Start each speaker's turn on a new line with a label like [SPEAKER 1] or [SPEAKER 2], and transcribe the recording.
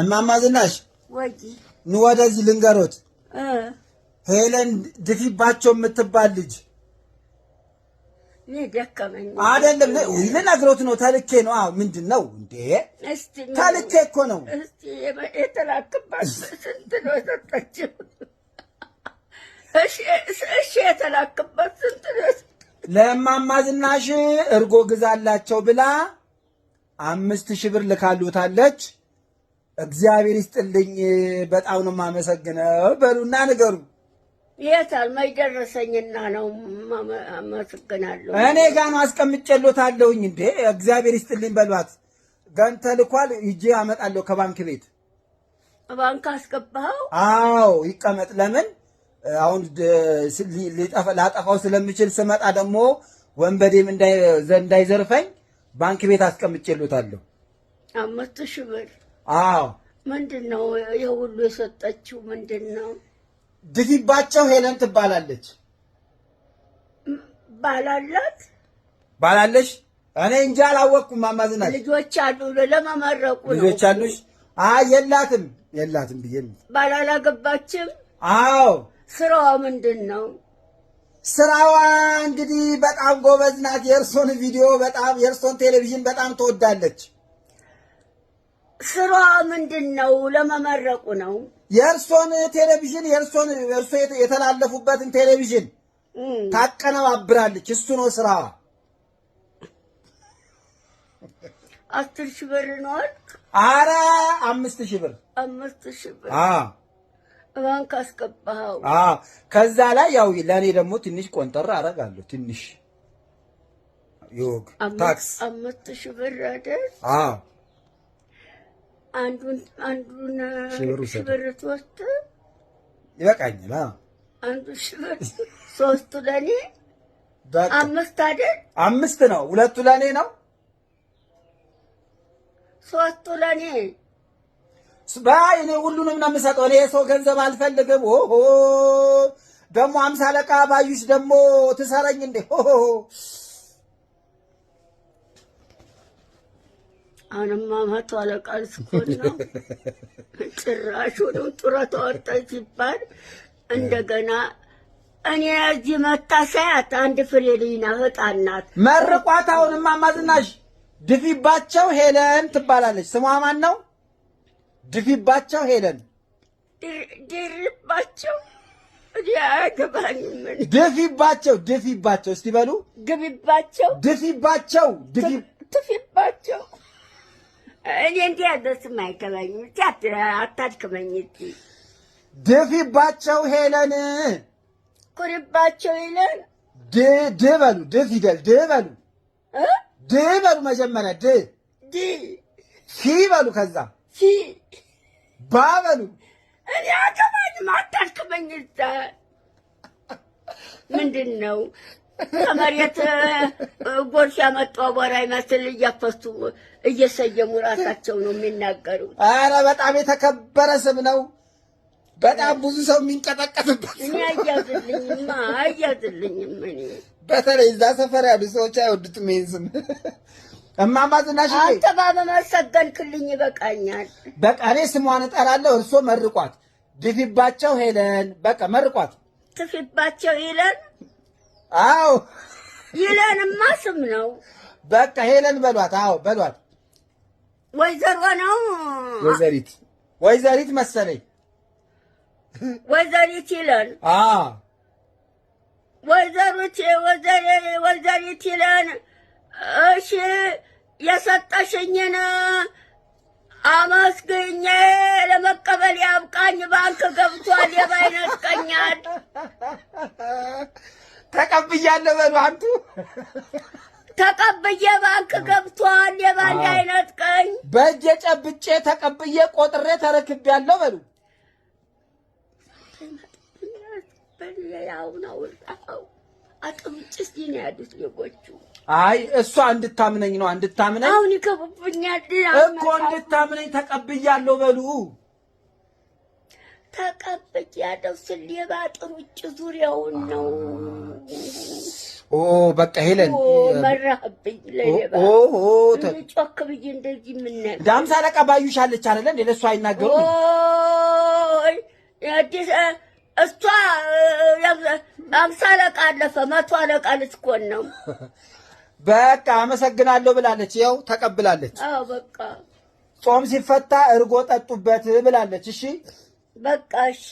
[SPEAKER 1] እማማ ዝናሽ ኑ ወደዚህ ልንገሮት። ሄለን ድፊባቸው የምትባል ልጅ አይደለም። ልነግሮት ነው ተልኬ ነው። አዎ ምንድን ነው እንዴ? ተልኬ እኮ ነው
[SPEAKER 2] እሺ የተላክባት ስንት ነው?
[SPEAKER 1] ለእማማ ዝናሽ እርጎ ግዛላቸው ብላ አምስት ሺህ ብር ልካሉታለች። እግዚአብሔር ይስጥልኝ በጣም ነው የማመሰግነው በሉና ንገሩ።
[SPEAKER 2] የታል ማይደረሰኝና ነው አመሰግናለሁ።
[SPEAKER 1] እኔ ጋ ነው አስቀምጬሎታለሁኝ። እንዴ እግዚአብሔር ይስጥልኝ በሏት። ገንተ ልኳል ሂጄ አመጣለሁ ከባንክ ቤት።
[SPEAKER 2] ባንክ አስገባኸው?
[SPEAKER 1] አዎ ይቀመጥ። ለምን አሁን ላጠፋው ስለምችል ስመጣ ደግሞ ወንበዴም እንዳይዘርፈኝ ባንክ ቤት አስቀምጬሎታለሁ።
[SPEAKER 2] አምስት ሺህ ብር አዎ ምንድን ነው የሁሉ የሰጠችው ምንድን ነው?
[SPEAKER 1] ድፊባቸው ሄለን ትባላለች።
[SPEAKER 2] ባላላት
[SPEAKER 1] ባላለሽ እኔ እንጂ አላወቅኩም። አማዝናል
[SPEAKER 2] ልጆች አሉ ለመመረቁ
[SPEAKER 1] ልጆች አሉሽ? አይ የላትም የላትም ብዬ
[SPEAKER 2] ባላላገባችም አዎ ስራዋ ምንድን ነው?
[SPEAKER 1] ስራዋ እንግዲህ በጣም ጎበዝ ናት። የእርሶን ቪዲዮ በጣም የእርሶን ቴሌቪዥን በጣም ትወዳለች።
[SPEAKER 2] ስራ ምንድን ነው? ለመመረቁ ነው።
[SPEAKER 1] የእርሶን ቴሌቪዥን የእርሶን እርሶ የተላለፉበትን ቴሌቪዥን ታቀነባብራለች። እሱ ነው ስራዋ።
[SPEAKER 2] አስር ሺህ ብር ነዋል።
[SPEAKER 1] አረ አምስት ሺህ ብር
[SPEAKER 2] አምስት ሺህ ብር ባንክ አስገባኸው።
[SPEAKER 1] ከዛ ላይ ያው ለእኔ ደግሞ ትንሽ ቆንጠር አደርጋለሁ። ትንሽ ታክስ
[SPEAKER 2] አምስት ሺህ ብር አይደል? አንዱን አንዱን ሺህ ብር ይበቃኛል። አንዱ ሺህ ሶስቱ ለኔ አምስት አይደል?
[SPEAKER 1] አምስት ነው። ሁለቱ ለኔ ነው።
[SPEAKER 2] ሶስቱ ለኔ
[SPEAKER 1] ባይ እኔ ሁሉንም ነው የምሰጠው። እኔ የሰው ገንዘብ አልፈልግም። ኦሆ ደግሞ አምሳ አለቃ ባዩሽ ደግሞ ትሰረኝ እንዴ? ኦሆ
[SPEAKER 2] አሁንማ መቶ አለቃ ልትሆን ነው። ጭራሽ ሆኖ ጡረታ ወጣ ሲባል እንደገና እኔ እዚህ መታ ሳያት አንድ ፍሬ ልጅ ናት፣ ህጣን
[SPEAKER 1] መርቋት። አሁንማ ማዝናሽ ድፊባቸው ሄለን ትባላለች። ስሟ ማን ነው? ድፊባቸው ሄለን
[SPEAKER 2] ድርባቸው
[SPEAKER 1] ድፊባቸው ድፊባቸው። እስቲ በሉ
[SPEAKER 2] ግቢባቸው፣
[SPEAKER 1] ድፊባቸው፣
[SPEAKER 2] ድፊባቸው እኔ እንዲህ ደስም አይገባኝም። እስኪ አታድክመኝ። እስኪ
[SPEAKER 1] ድፊባቸው ሄለን
[SPEAKER 2] ኩሪባቸው ሄለን
[SPEAKER 1] ድ ድ በሉ ድ ፊደል ድ በሉ ድ በሉ መጀመሪያ ድ ድ ፊ በሉ ከዛ ፊ ባ በሉ
[SPEAKER 2] እኔ አገባኝም። አታድክመኝ። ምንድን ነው ከመሬት ጎርሽ ያመጣው አቧራ ይመስል እያፈሱ እየሰየሙ ራሳቸው ነው የሚናገሩት።
[SPEAKER 1] አረ በጣም የተከበረ ስም ነው። በጣም ብዙ ሰው የሚንቀጠቀጥበት
[SPEAKER 2] እኔ አያዝልኝማ አያዝልኝም። እኔ
[SPEAKER 1] በተለይ እዛ ሰፈር ያሉ ሰዎች አይወዱትም ይህን ስም። እማማ ዝናሽ
[SPEAKER 2] አንተ ባመሰገንክልኝ ይበቃኛል።
[SPEAKER 1] በቃ እኔ ስሟን እጠራለሁ። እርሶ መርቋት። ድፊባቸው ሄለን በቃ መርቋት።
[SPEAKER 2] ትፊባቸው ሄለን አዎ ይለንማ ስም ነው።
[SPEAKER 1] በቃ ሄለን በሏት። አዎ በሏት።
[SPEAKER 2] ወይዘሮ ነው
[SPEAKER 1] ወይዘሪት ወይዘሪት መሰለኝ።
[SPEAKER 2] ወይዘሪት ይለን ወይዘሪት ወይዘሪት ይለን። እሺ የሰጠሽኝን አመስግኜ ለመቀበል ያብቃኝ። ባንክ ገብቷል። የባይነት ቀኛል
[SPEAKER 1] ተቀብያለሁ በሉ አንቱ
[SPEAKER 2] ተቀብዬ ባንክ ገብቷል። የባንድ አይነት ቀኝ
[SPEAKER 1] በእጄ ጨብጬ ተቀብዬ ቆጥሬ ተረክቤያለሁ በሉ
[SPEAKER 2] አጥምጭስ ይሄን ያሉት ልጆቹ
[SPEAKER 1] አይ እሷ እንድታምነኝ ነው እንድታምነኝ።
[SPEAKER 2] አሁን ይከብብኛል
[SPEAKER 1] እኮ እንድታምነኝ ተቀብያለሁ በሉ
[SPEAKER 2] ተቀብቅ ያለው ስል የባጥር ውጭ ዙሪያውን ነው።
[SPEAKER 1] ኦ በቃ ሄለን
[SPEAKER 2] መራህብኝ ለሌባ ጮክ ብዬ እንደዚህ የምናየው
[SPEAKER 1] ዳምሳ ለቃ ባዩሽ አለች አለ እንዴ? ለእሱ አይናገሩም
[SPEAKER 2] እሷ አምሳ አለቃ አለፈ መቶ አለቃ ልትኮን ነው።
[SPEAKER 1] በቃ አመሰግናለሁ ብላለች። ያው ተቀብላለች። በቃ ጾም ሲፈታ እርጎ ጠጡበት ብላለች። እሺ
[SPEAKER 2] በቃ እሺ